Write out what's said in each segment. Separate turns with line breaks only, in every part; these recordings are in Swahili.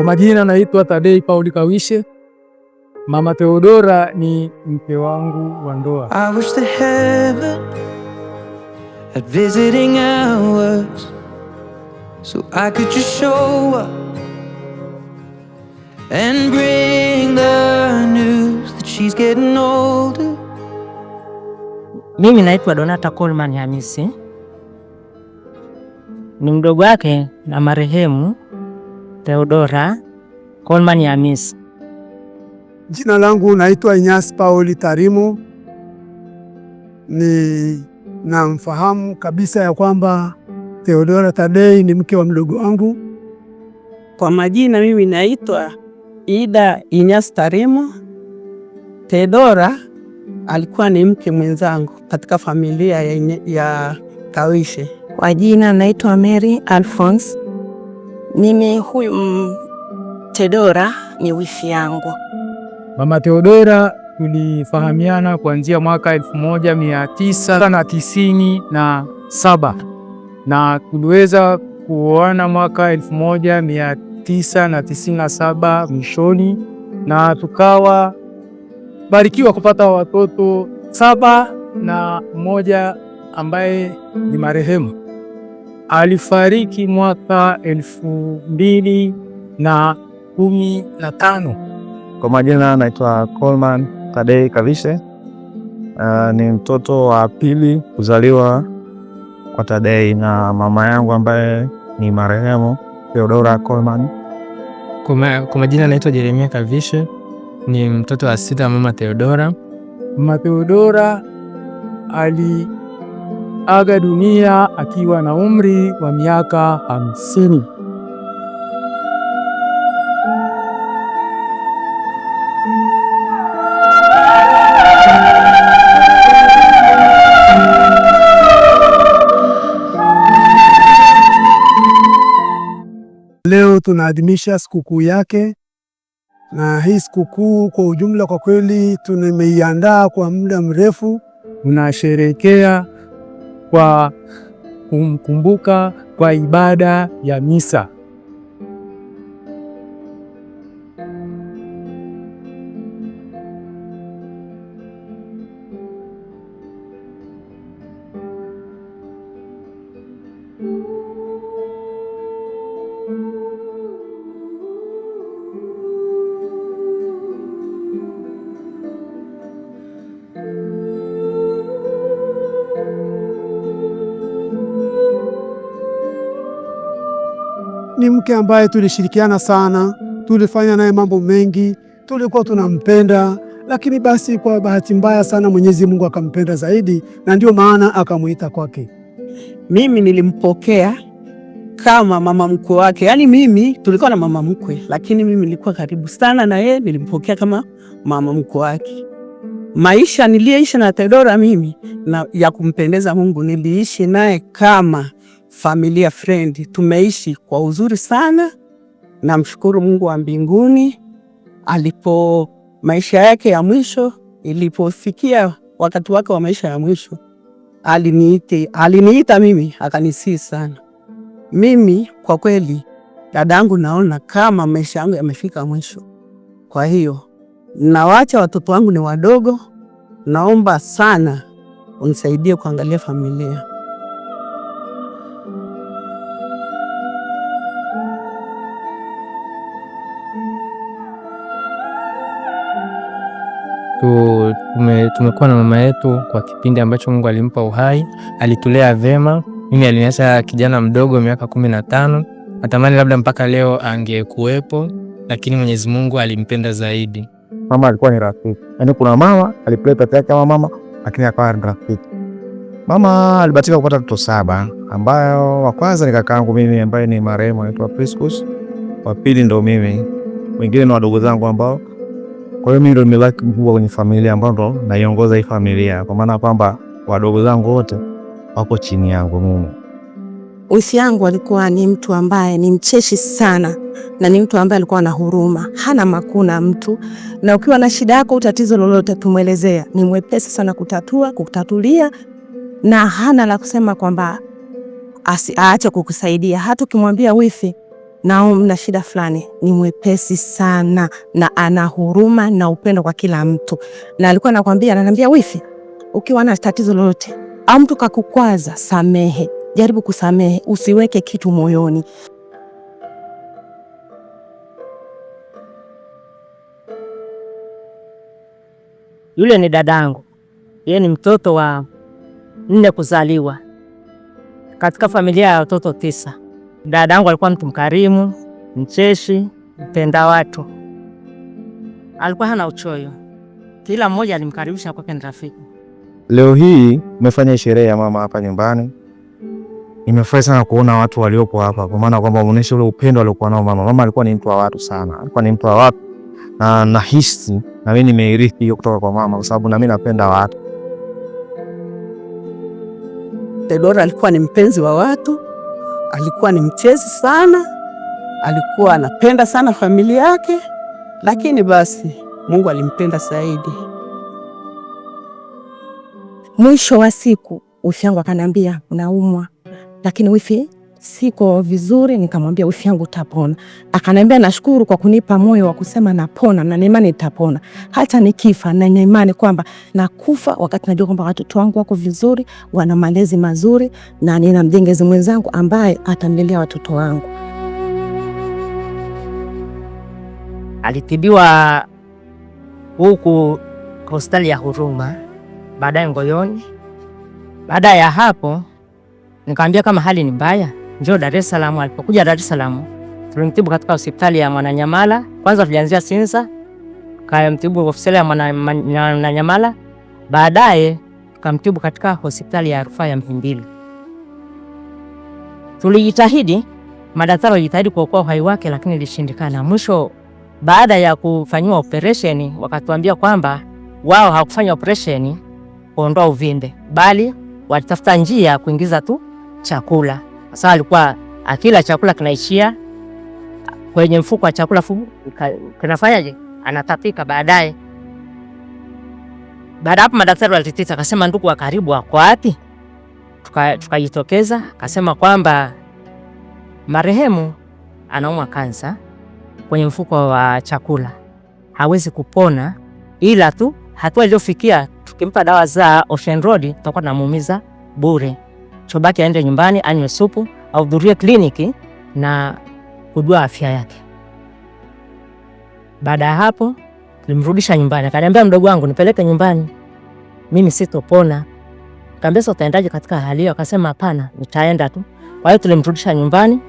Kwa majina naitwa Tadei Pauli Kawishe. Mama Theodora ni mke wangu wa ndoa. I wish the heaven at visiting hours so I could just show up and bring the news that she's getting older.
Mimi naitwa Donata Coleman Hamisi, ni mdogo wake na marehemu Theodora Coleman Hamisi.
Jina langu naitwa Inyasi Pauli Tarimu. Ni namfahamu kabisa ya kwamba Theodora Tadei ni mke wa mdogo wangu.
Kwa majina mimi naitwa Ida Inyasi Tarimu. Theodora alikuwa ni mke mwenzangu katika familia ya, ya Kawishe.
Kwa jina naitwa Mary Alphonse mimi huyu mm, Theodora ni wifi yangu.
Mama Theodora tulifahamiana kuanzia mwaka elfu moja mia tisa na tisini na saba na tuliweza kuoana mwaka elfu moja mia tisa na tisini na saba mwishoni, na tukawa barikiwa kupata watoto saba na mmoja ambaye ni marehemu alifariki mwaka elfu mbili na kumi na tano.
Kwa majina anaitwa Coleman Tadei Kavishe. Uh, ni mtoto wa pili kuzaliwa kwa Tadei na mama yangu ambaye ni marehemu Theodora Coleman.
Kwa majina anaitwa Jeremia Kavishe, ni mtoto wa sita mama Theodora.
Mama Theodora ali aga dunia akiwa na umri wa miaka hamsini.
Leo tunaadhimisha sikukuu yake, na hii sikukuu kwa ujumla, kwa kweli tumeiandaa kwa muda mrefu,
tunasherekea kwa kumkumbuka kwa ibada ya misa.
ni mke ambaye tulishirikiana sana, tulifanya naye mambo mengi, tulikuwa tunampenda, lakini basi kwa bahati mbaya sana Mwenyezi Mungu akampenda zaidi, na ndio maana akamwita kwake.
Mimi nilimpokea kama mama mkwe wake, yaani mimi tulikuwa na mama mkwe, lakini mimi nilikuwa karibu sana na yeye, nilimpokea kama mama mkwe wake. Maisha niliyeisha na Theodora mimi na ya kumpendeza Mungu, niliishi naye kama familia frendi. Tumeishi kwa uzuri sana, namshukuru Mungu wa mbinguni. Alipo maisha yake ya mwisho, ilipofikia wakati wake wa maisha ya mwisho, aliniite aliniita mimi, akanisii sana mimi. Kwa kweli dadangu, naona kama maisha yangu yamefika mwisho, kwa hiyo nawacha watoto wangu ni wadogo, naomba sana unisaidie kuangalia familia.
tumekuwa na mama yetu kwa kipindi ambacho Mungu alimpa uhai, alitulea vema Mimi aliniacha kijana mdogo miaka kumi na tano. Natamani labda mpaka leo angekuwepo, lakini Mwenyezi Mungu alimpenda zaidi.
Mama alikuwa ni rafiki, yaani kuna mama alipelea peke yake kama mama, lakini akawa ni rafiki. Mama alibatika kupata watoto saba, ambayo wa kwanza ni kakaangu mimi ambaye ni marehemu anaitwa Priscus, wa pili ndo mimi, wengine ni wadogo zangu ambao kwa hiyo mimi ndo nimebaki mkubwa kwenye familia ambayo ndo naiongoza hii familia, kwa maana kwamba wadogo zangu wote wako chini yangu mimi.
Wifi yangu alikuwa ni mtu ambaye ni mcheshi sana na ni mtu ambaye alikuwa na huruma, hana makuna mtu, na ukiwa na shida yako au tatizo lolote kumwelezea, ni mwepesi sana kutatua, kutatulia, na hana la kusema kwamba aache kukusaidia. Hata ukimwambia wifi na mna shida fulani, ni mwepesi sana na ana huruma na upendo kwa kila mtu, na alikuwa anakwambia, ananiambia wifi, ukiwa na tatizo lolote au mtu kakukwaza, samehe, jaribu kusamehe, usiweke kitu moyoni.
Yule ni dadangu, yeye ni mtoto wa nne kuzaliwa katika familia ya watoto tisa dada yangu alikuwa mtu mkarimu, mcheshi, mpenda watu, alikuwa hana uchoyo, kila mmoja alimkaribisha kwake, ni rafiki.
Leo hii umefanya sherehe ya mama hapa nyumbani, nimefurahi sana kuona watu waliopo hapa, kwa maana kwamba umeonyesha ule upendo aliokuwa nao mama. Mama alikuwa ni mtu wa watu sana, alikuwa ni mtu wa watu na nahisi na mimi nimeirithi hiyo kutoka kwa mama, kwa sababu nami napenda watu.
Tedora alikuwa ni mpenzi wa watu alikuwa ni mchezi sana, alikuwa anapenda sana familia yake, lakini basi Mungu alimpenda zaidi.
Mwisho wa siku wifi yangu akaniambia, unaumwa, lakini wifi siko vizuri, nikamwambia wifi yangu tapona. Akaniambia nashukuru kwa kunipa moyo wa kusema napona na naimani tapona hata nikifa na naimani kwamba nakufa wakati najua kwamba watoto wangu wako vizuri, wana malezi mazuri na nina mjengezi mwenzangu ambaye atamlelea watoto wangu.
Alitibiwa huku hospitali ya Huruma, baadaye Ngoyoni. Baada ya hapo, nikamwambia kama hali ni mbaya Njoo Dar es Salaam. Alipokuja Dar es Salaam, tulimtibu katika hospitali ya Mwananyamala. Kwanza tulianzia Sinza, tukamtibu hospitali ya Mwananyamala, baadaye tukamtibu katika hospitali ya rufaa ya Mhimbili. Tulijitahidi, madaktari walijitahidi kuokoa uhai wake, lakini ilishindikana. Mwisho baada ya kufanyiwa operesheni, wakatuambia kwamba wao hawakufanya operesheni kuondoa uvimbe, bali walitafuta njia ya kuingiza tu chakula sasa alikuwa akila chakula kinaishia kwenye mfuko wa chakula kinafanyaje, anatapika baadaye. Baada hapo madaktari walitita, akasema ndugu wa karibu wako wapi? Tukajitokeza tuka akasema kwamba marehemu anaumwa kansa kwenye mfuko wa chakula, hawezi kupona, ila tu hatua iliyofikia tukimpa dawa za Ocean Road tutakuwa tunamuumiza bure chobaki aende nyumbani anywe supu, ahudhurie kliniki na kujua afya yake. Baada ya hapo tulimrudisha nyumbani, akaniambia mdogo wangu, nipeleke nyumbani, mimi sitopona. Kaambia sasa utaendaje katika hali hiyo? Akasema hapana, nitaenda tu. Kwa hiyo tulimrudisha nyumbani.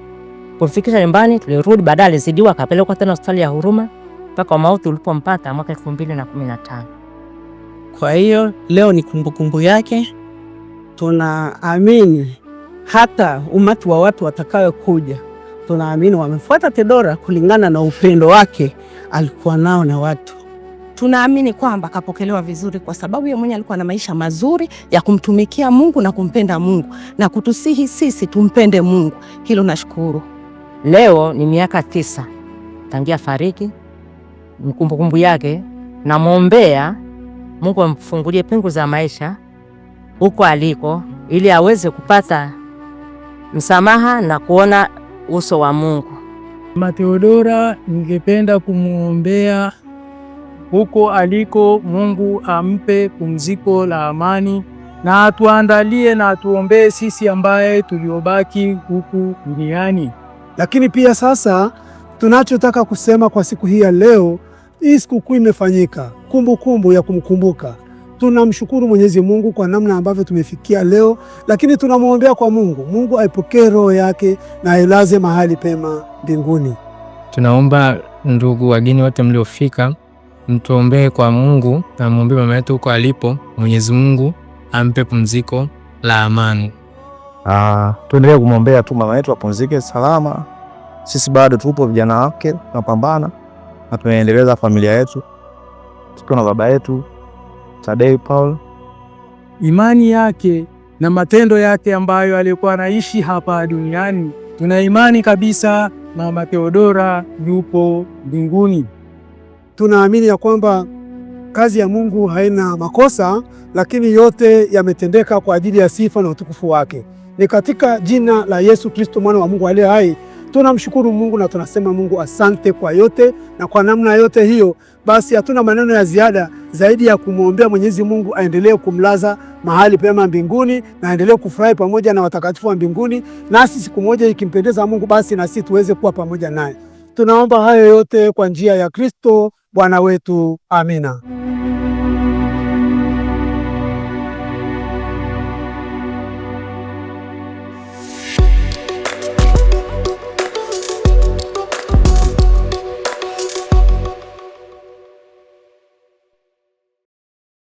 Kufikisha nyumbani tulirudi, baadaye alizidiwa akapelekwa tena hospitali ya Huruma mpaka mauti ulipompata mwaka 2015. Kwa hiyo leo ni kumbukumbu kumbu yake tunaamini hata umati wa watu watakayokuja, tunaamini wamefuata Theodora kulingana na upendo wake alikuwa nao na watu.
Tunaamini kwamba akapokelewa vizuri kwa sababu yeye mwenyewe alikuwa na maisha mazuri ya kumtumikia Mungu na kumpenda Mungu na kutusihi sisi tumpende Mungu. Hilo nashukuru.
Leo ni miaka tisa tangia fariki, mkumbukumbu yake, namwombea Mungu amfungulie pingu za maisha huko aliko ili aweze kupata msamaha na kuona uso wa Mungu.
Mama Theodora, ningependa kumwombea huko aliko, Mungu ampe pumziko la amani na atuandalie na atuombee sisi ambaye tuliobaki huku duniani.
Lakini pia sasa, tunachotaka kusema kwa siku hii ya leo, hii sikukuu imefanyika kumbukumbu ya kumkumbuka Tunamshukuru Mwenyezi Mungu kwa namna ambavyo tumefikia leo, lakini tunamwombea kwa Mungu, Mungu aipokee roho yake na ailaze mahali pema mbinguni.
Tunaomba ndugu wageni wote mliofika, mtuombee kwa Mungu na mwombee mama yetu huko alipo. Mwenyezi Mungu ampe pumziko la amani.
Ah, tuendelee kumwombea tu mama yetu apumzike salama. Sisi bado tupo vijana wake, tunapambana na tunaendeleza familia yetu tukiwa na baba yetu. Tadei Paul,
imani yake na matendo yake ambayo alikuwa anaishi hapa duniani. Tuna imani kabisa Mama Theodora yupo mbinguni. Tunaamini ya kwamba kazi ya Mungu haina makosa, lakini yote yametendeka kwa ajili ya sifa na utukufu wake. Ni katika jina la Yesu Kristo mwana wa Mungu aliye hai. Tunamshukuru Mungu na tunasema Mungu asante kwa yote, na kwa namna yote hiyo basi hatuna maneno ya ziada zaidi ya kumwombea Mwenyezi Mungu aendelee kumlaza mahali pema mbinguni na aendelee kufurahi pamoja na watakatifu wa mbinguni, nasi siku moja ikimpendeza Mungu, basi na sisi tuweze kuwa pamoja naye. Tunaomba hayo yote kwa njia ya Kristo Bwana wetu. Amina.